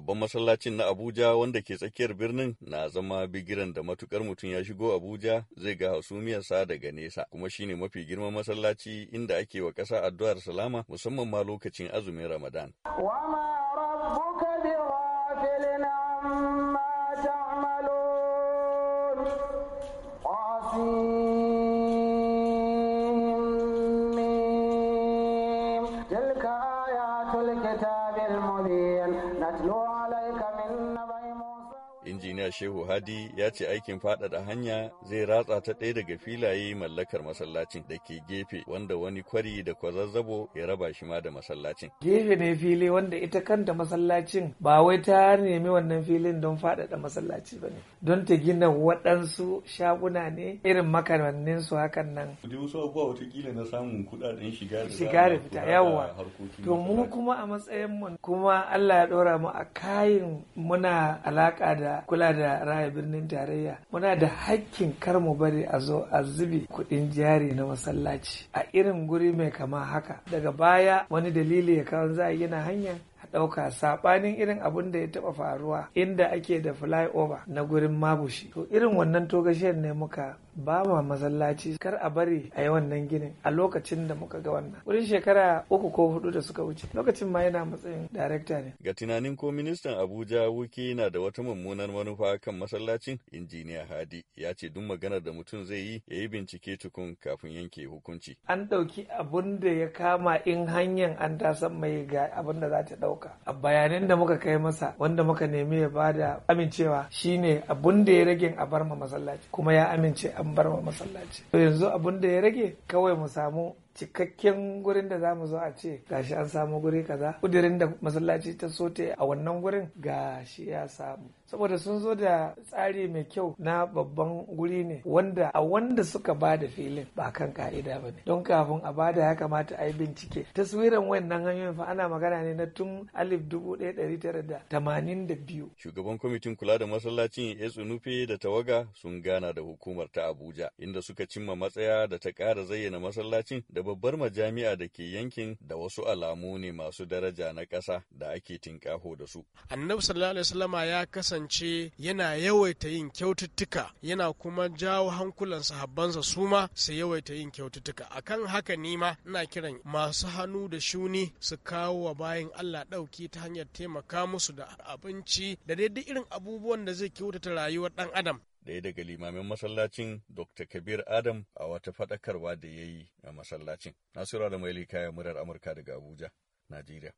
babban masallacin na Abuja wanda ke tsakiyar birnin na zama bigiran da matukar mutum ya shigo Abuja zai ga hasumiyarsa daga nesa kuma shine mafi girman masallaci inda ake wa ƙasa addu'ar salama musamman ma lokacin azumin Ramadan. Wa ma rabbuka bi الكتاب المبين نتلو عليك من نبأ injiniya shehu hadi ya ce aikin faɗaɗa hanya zai ratsa ta ɗaya daga filaye mallakar masallacin da ke gefe wanda wani kwari da kwazazzabo ya raba shi ma da masallacin gefe ne fili wanda ita kanta masallacin ba wai ta nemi wannan filin don faɗaɗa masallaci ba ne don ta gina waɗansu shaguna ne irin makarannin su hakan nan wasu abubuwa watakila na samun kuɗaɗen shiga da shiga da fita yawa to mu kuma a matsayin mu kuma Allah ya ɗora mu a kayin muna alaƙa da da kula da raya birnin tarayya muna da hakkin kar mu bari a zo a zubi kuɗin jari na masallaci a irin guri mai kama haka daga baya wani dalili ya kawo za a gina hanya a ɗauka saɓanin irin abun da ya taɓa faruwa inda ake da flyover na gurin mabushi to irin wannan togashen ne muka ba ma masallaci kar a bari a yi wannan ginin a lokacin da muka ga wannan wurin shekara uku ko hudu da suka wuce lokacin ma yana matsayin darekta ne ga tunanin ko ministan abuja Wuk'i na da wata mummunar manufa kan masallacin injiniya hadi ya ce duk maganar da mutum zai yi ya yi bincike tukun kafin yanke hukunci an ɗauki abun da ya kama in hanyar an san mai ga abun da za ta ɗauka a bayanan da muka kai masa wanda muka nemi ya bada amincewa shine abun da ya rage a bar ma masallaci kuma ya amince an bar ma masallaci yanzu abin da ya rage kawai mu samu cikakken gurin da za mu zo a ce gashi an samu guri kaza kudirin da masallaci ta sote a wannan gurin gashi ya samu saboda sun zo da tsari mai kyau na babban guri ne wanda a wanda suka ba da filin ba kan ka'ida ba ne don kafin a bada ya kamata a yi bincike taswiran wannan hanyoyin fa ana magana ne na tun alif dubu ɗaya da tamanin da biyu shugaban kwamitin kula da masallacin ya tsunufe da tawaga sun gana da hukumar ta abuja inda suka cimma matsaya da ta ƙara zayyana masallacin da da babbar majami'a da ke yankin da wasu alamu ne masu daraja na ƙasa da ake tinkaho da su. Annabi sallallahu alaihi wasallama ya kasance yana yawaita yin kyaututtuka yana kuma jawo hankulan sahabbansa su ma su yawaita yin kyaututtuka. Akan haka ni ma ina kiran masu hannu da shuni su kawo wa bayan Allah ɗauki ta hanyar taimaka musu da abinci da daidai irin abubuwan da zai kyautata rayuwar ɗan adam. ɗaya daga limamin masallacin Dr. Kabir Adam a wata faɗakarwa da ya yi a masallacin. Nasiru da Maili kayan murar Amurka daga Abuja, Najeriya.